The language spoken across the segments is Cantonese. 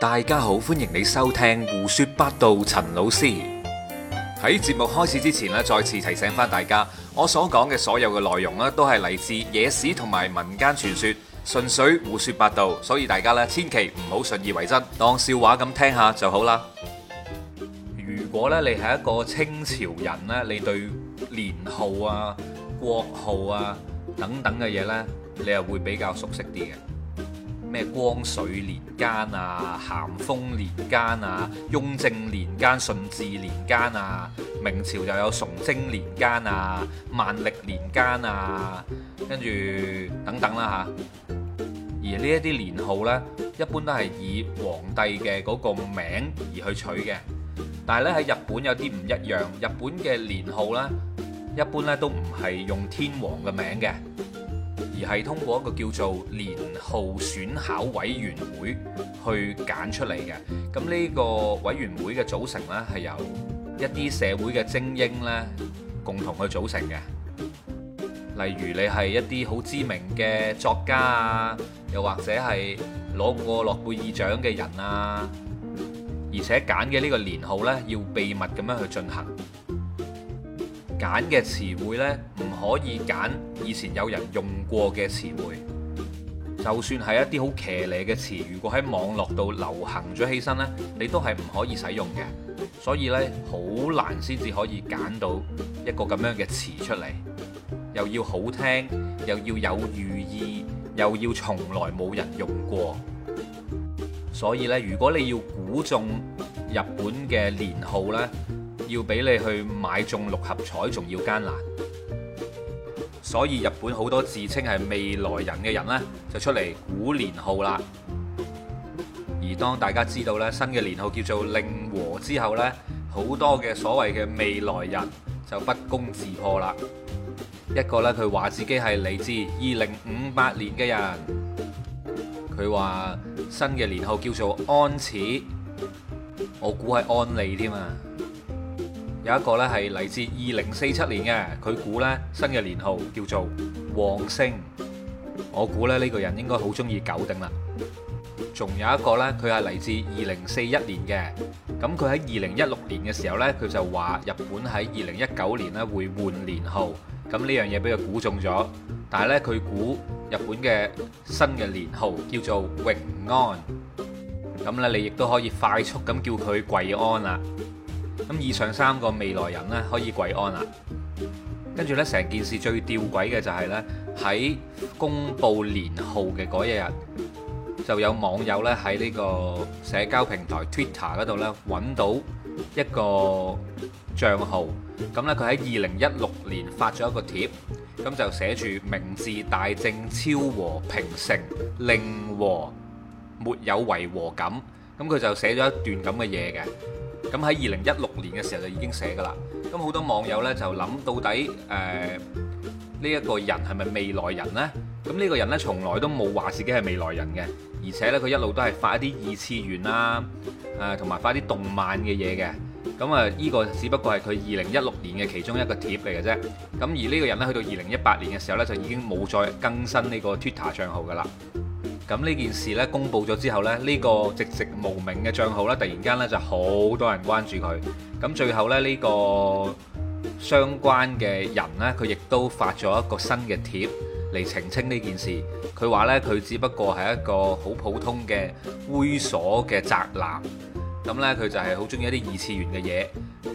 大家好，歡迎你收聽胡說八道。陳老師喺節目開始之前咧，再次提醒翻大家，我所講嘅所有嘅內容咧，都係嚟自野史同埋民間傳說，純粹胡說八道，所以大家咧千祈唔好信以為真，當笑話咁聽下就好啦。如果咧你係一個清朝人咧，你對年號啊、國號啊等等嘅嘢咧，你又會比較熟悉啲嘅。咩光緒年間啊、咸豐年間啊、雍正年間、順治年間啊、明朝就有崇禎年間啊、萬歷年間啊，跟住等等啦嚇。而呢一啲年號呢，一般都係以皇帝嘅嗰個名而去取嘅。但係咧喺日本有啲唔一樣，日本嘅年號呢，一般咧都唔係用天皇嘅名嘅。而係通過一個叫做年號選考委員會去揀出嚟嘅，咁呢個委員會嘅組成呢，係由一啲社會嘅精英呢共同去組成嘅，例如你係一啲好知名嘅作家啊，又或者係攞過諾貝爾獎嘅人啊，而且揀嘅呢個年號呢，要秘密咁樣去進行。揀嘅詞彙呢，唔可以揀以前有人用過嘅詞彙，就算係一啲好騎呢嘅詞，如果喺網絡度流行咗起身呢，你都係唔可以使用嘅。所以呢，好難先至可以揀到一個咁樣嘅詞出嚟，又要好聽，又要有寓意，又要從來冇人用過。所以呢，如果你要估中日本嘅年號呢，要俾你去買中六合彩仲要艱難，所以日本好多自稱係未來人嘅人呢，就出嚟估年號啦。而當大家知道呢，新嘅年號叫做令和之後呢，好多嘅所謂嘅未來人就不攻自破啦。一個呢，佢話自己係嚟自二零五八年嘅人，佢話新嘅年號叫做「安始」，我估係安利添啊！有一個咧係嚟自二零四七年嘅，佢估咧新嘅年號叫做旺星，我估咧呢個人應該好中意九鼎啦。仲有一個咧，佢係嚟自二零四一年嘅，咁佢喺二零一六年嘅時候咧，佢就話日本喺二零一九年咧會換年號，咁呢樣嘢俾佢估中咗，但係咧佢估日本嘅新嘅年號叫做榮安，咁咧你亦都可以快速咁叫佢跪安啦。咁以上三個未來人咧可以跪安啦，跟住咧成件事最吊鬼吊詭嘅就係咧喺公佈年號嘅嗰一日，就有網友咧喺呢個社交平台 Twitter 嗰度揾到一個帳號，咁咧佢喺二零一六年發咗一個貼，咁就寫住明治大正超和平成令和沒有違和感，咁佢就寫咗一段咁嘅嘢嘅。咁喺二零一六年嘅時候就已經寫噶啦，咁好多網友呢就諗到底誒呢一個人係咪未來人呢？咁呢個人呢從來都冇話自己係未來人嘅，而且呢，佢一路都係發一啲二次元啦，誒同埋發一啲動漫嘅嘢嘅，咁啊呢個只不過係佢二零一六年嘅其中一個貼嚟嘅啫。咁而呢個人呢，去到二零一八年嘅時候呢，就已經冇再更新呢個 Twitter 帳號噶啦。咁呢件事咧，公布咗之後呢，呢、這個籍籍無名嘅帳號咧，突然間咧就好多人關注佢。咁最後咧，呢、這個相關嘅人呢，佢亦都發咗一個新嘅貼嚟澄清呢件事。佢話呢，佢只不過係一個好普通嘅猥瑣嘅宅男。咁呢，佢就係好中意一啲二次元嘅嘢，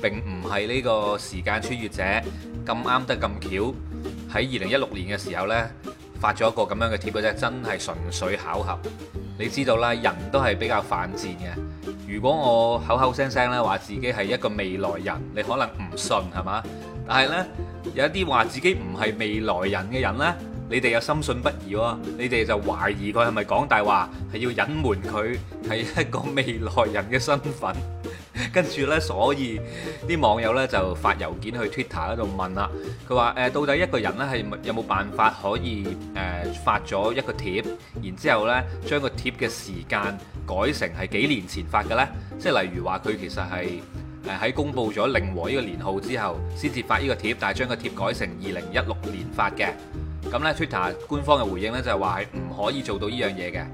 並唔係呢個時間穿越者，咁啱得咁巧喺二零一六年嘅時候呢。發咗一個咁樣嘅貼嘅啫，真係純粹巧合。你知道啦，人都係比較犯賤嘅。如果我口口聲聲咧話自己係一個未來人，你可能唔信係嘛？但係呢，有一啲話自己唔係未來人嘅人呢，你哋又深信不疑喎。你哋就懷疑佢係咪講大話，係要隱瞞佢係一個未來人嘅身份。跟住呢，所以啲網友呢就發郵件去 Twitter 度問啦。佢話：誒、呃，到底一個人呢，係有冇辦法可以誒、呃、發咗一個貼，然之後呢，將個貼嘅時間改成係幾年前發嘅呢？即係例如話佢其實係誒喺公佈咗令和呢個年號之後，先至發呢個貼，但係將個貼改成二零一六年發嘅。咁呢 Twitter 官方嘅回應呢，就係話係唔可以做到呢樣嘢嘅。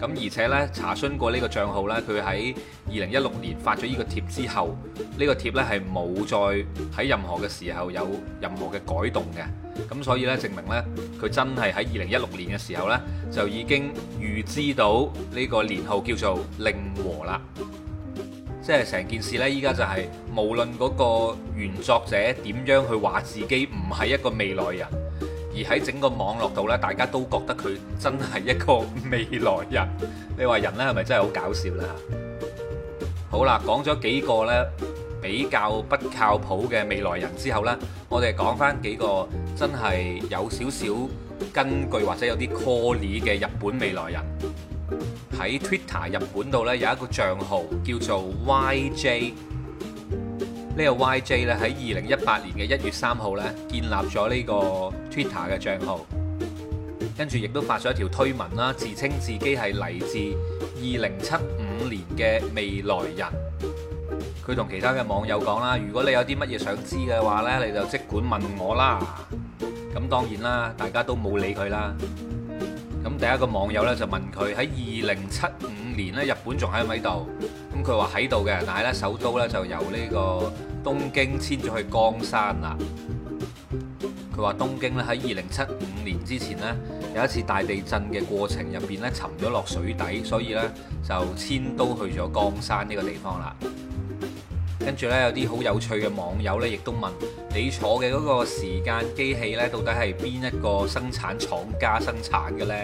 咁而且咧，查詢過呢個帳號咧，佢喺二零一六年發咗呢個貼之後，呢個貼咧係冇再喺任何嘅時候有任何嘅改動嘅。咁所以咧，證明咧，佢真係喺二零一六年嘅時候咧，就已經預知到呢個年號叫做令和啦。即係成件事咧，依家就係無論嗰個原作者點樣去話自己唔係一個未來人。而喺整個網絡度咧，大家都覺得佢真係一個未來人。你話人咧係咪真係好搞笑啦？好啦，講咗幾個咧比較不靠譜嘅未來人之後咧，我哋講翻幾個真係有少少根據或者有啲 callie 嘅日本未來人。喺 Twitter 日本度咧有一個帳號叫做 YJ。呢個 YJ 咧喺二零一八年嘅一月三號咧建立咗呢個 Twitter 嘅帳號，跟住亦都發咗一條推文啦，自稱自己係嚟自二零七五年嘅未來人。佢同其他嘅網友講啦，如果你有啲乜嘢想知嘅話咧，你就即管問我啦。咁當然啦，大家都冇理佢啦。咁第一個網友咧就問佢喺二零七五年咧日本仲喺唔喺度？咁佢話喺度嘅，但係咧首都咧就由呢個。東京遷咗去江山啦。佢話東京咧喺二零七五年之前呢有一次大地震嘅過程入邊呢沉咗落水底，所以呢，就遷都去咗江山呢個地方啦。跟住呢，有啲好有趣嘅網友呢，亦都問：「你坐嘅嗰個時間機器呢，到底係邊一個生產廠家生產嘅呢？」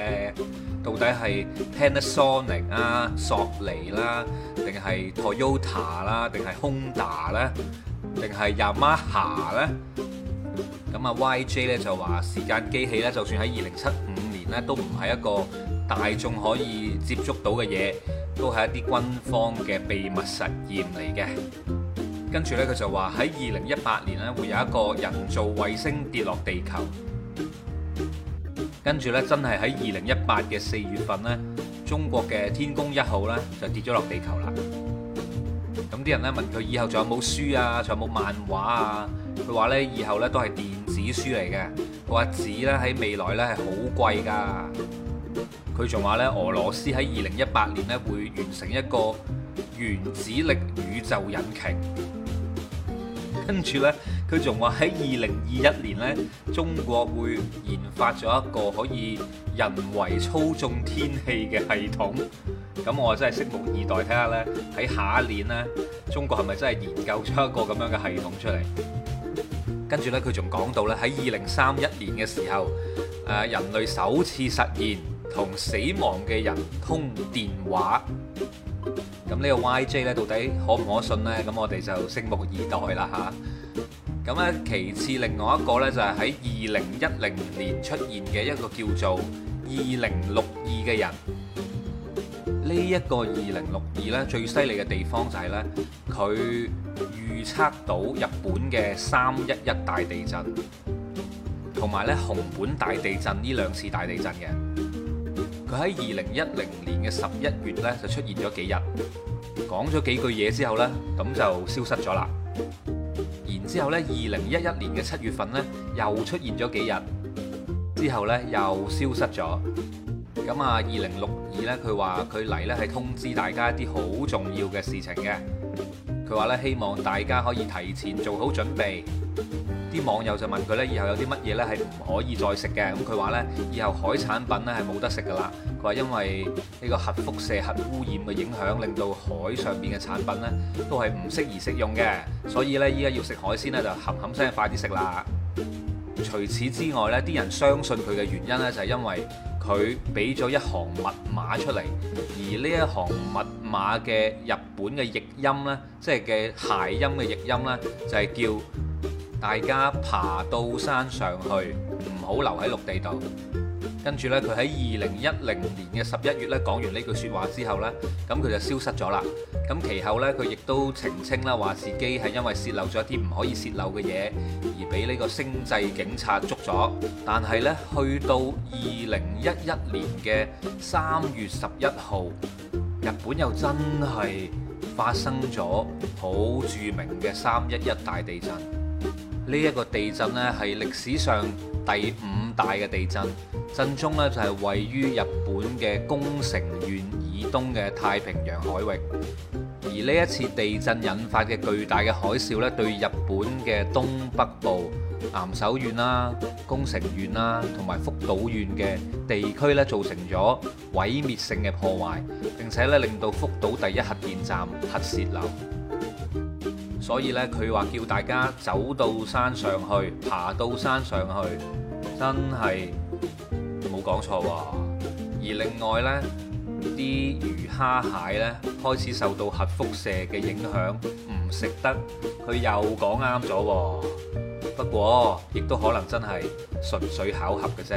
到底係 Panasonic 啊、索尼啦，定係 Toyota 啦，定係 Honda 咧，定係 Yamaha 咧？咁啊，YJ 呢就話時間機器呢，就算喺二零七五年呢，都唔係一個大眾可以接觸到嘅嘢，都係一啲軍方嘅秘密實驗嚟嘅。跟住呢，佢就話喺二零一八年呢，會有一個人造衛星跌落地球。跟住咧，真係喺二零一八嘅四月份咧，中國嘅天宮一號咧就跌咗落地球啦。咁啲人咧問佢以後仲有冇書啊，仲有冇漫畫啊？佢話咧以後咧都係電子書嚟嘅。佢話紙咧喺未來咧係好貴噶。佢仲話咧俄羅斯喺二零一八年咧會完成一個原子力宇宙引擎。跟住咧。佢仲話喺二零二一年呢，中國會研發咗一個可以人為操縱天氣嘅系統。咁我真係拭目以待，睇下呢喺下一年呢，中國係咪真係研究出一個咁樣嘅系統出嚟？跟住呢，佢仲講到呢喺二零三一年嘅時候，誒人類首次實現同死亡嘅人通電話。咁呢個 YJ 呢，到底可唔可信呢？咁我哋就拭目以待啦嚇。咁咧，其次，另外一個咧就係喺二零一零年出現嘅一個叫做二零六二嘅人。呢一個二零六二咧，最犀利嘅地方就係咧，佢預測到日本嘅三一一大地震，同埋咧熊本大地震呢兩次大地震嘅。佢喺二零一零年嘅十一月咧就出現咗幾日，講咗幾句嘢之後咧，咁就消失咗啦。之後呢，二零一一年嘅七月份呢，又出現咗幾日，之後呢又消失咗。咁啊，二零六二呢，佢話佢嚟呢係通知大家一啲好重要嘅事情嘅。佢話呢，希望大家可以提前做好準備。啲網友就問佢呢，以後有啲乜嘢呢係唔可以再食嘅？咁佢話呢，以後海產品呢係冇得食噶啦。佢話因為呢個核輻射、核污染嘅影響，令到海上邊嘅產品呢都係唔適宜食用嘅。所以呢，依家要食海鮮呢，就冚冚聲快啲食啦。除此之外呢，啲人相信佢嘅原因呢，就係因為佢俾咗一行密碼出嚟，而呢一行密碼嘅日本嘅譯音呢，即係嘅諧音嘅譯音呢，就係叫。大家爬到山上去，唔好留喺陸地度。跟住呢，佢喺二零一零年嘅十一月呢講完呢句説話之後呢，咁佢就消失咗啦。咁其後呢，佢亦都澄清啦，話自己係因為洩漏咗一啲唔可以洩漏嘅嘢而俾呢個星際警察捉咗。但係呢，去到二零一一年嘅三月十一號，日本又真係發生咗好著名嘅三一一大地震。呢一個地震咧係歷史上第五大嘅地震，震中咧就係位於日本嘅宮城縣以東嘅太平洋海域。而呢一次地震引發嘅巨大嘅海嘯咧，對日本嘅東北部岩手縣啦、宮城縣啦同埋福島縣嘅地區咧造成咗毀滅性嘅破壞，並且咧令到福島第一核電站核泄漏。所以咧，佢話叫大家走到山上去，爬到山上去，真係冇講錯喎啊。而另外呢，啲魚蝦蟹呢，開始受到核輻射嘅影響，唔食得，佢又講啱咗喎。不過，亦都可能真係純粹巧合嘅啫。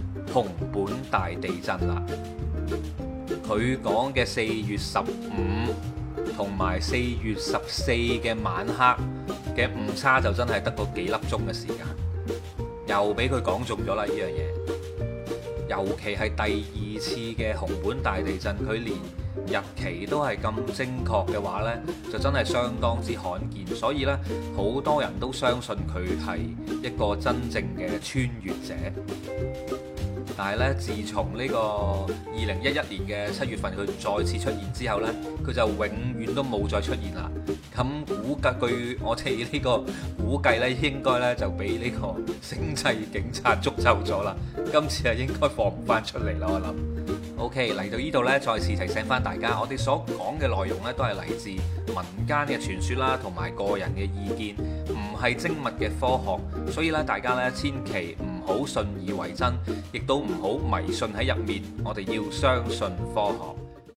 熊本大地震啦，佢講嘅四月十五同埋四月十四嘅晚黑嘅誤差就真係得個幾粒鐘嘅時間，又俾佢講中咗啦呢樣嘢。尤其係第二次嘅熊本大地震，佢連日期都係咁精確嘅話呢，就真係相當之罕見。所以呢，好多人都相信佢係一個真正嘅穿越者。但係咧，自從呢個二零一一年嘅七月份佢再次出現之後呢佢就永遠都冇再出現啦。咁估計據我哋呢個估計呢應該呢就俾呢個星際警察捉走咗啦。今次啊，應該放唔翻出嚟啦，我諗。OK，嚟到呢度呢，再次提醒翻大家，我哋所講嘅內容呢，都係嚟自民間嘅傳說啦，同埋個人嘅意見，唔係精密嘅科學，所以咧，大家呢千祈。好信以為真，亦都唔好迷信喺入面。我哋要相信科學。